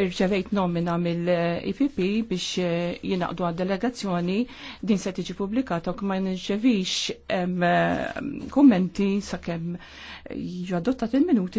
irċevejt nomina mill-IPP biex eh, jinaqdu għad-delegazzjoni din se tiġi pubblikata u ma nirċevix eh, kommenti sakemm ġu il-minuti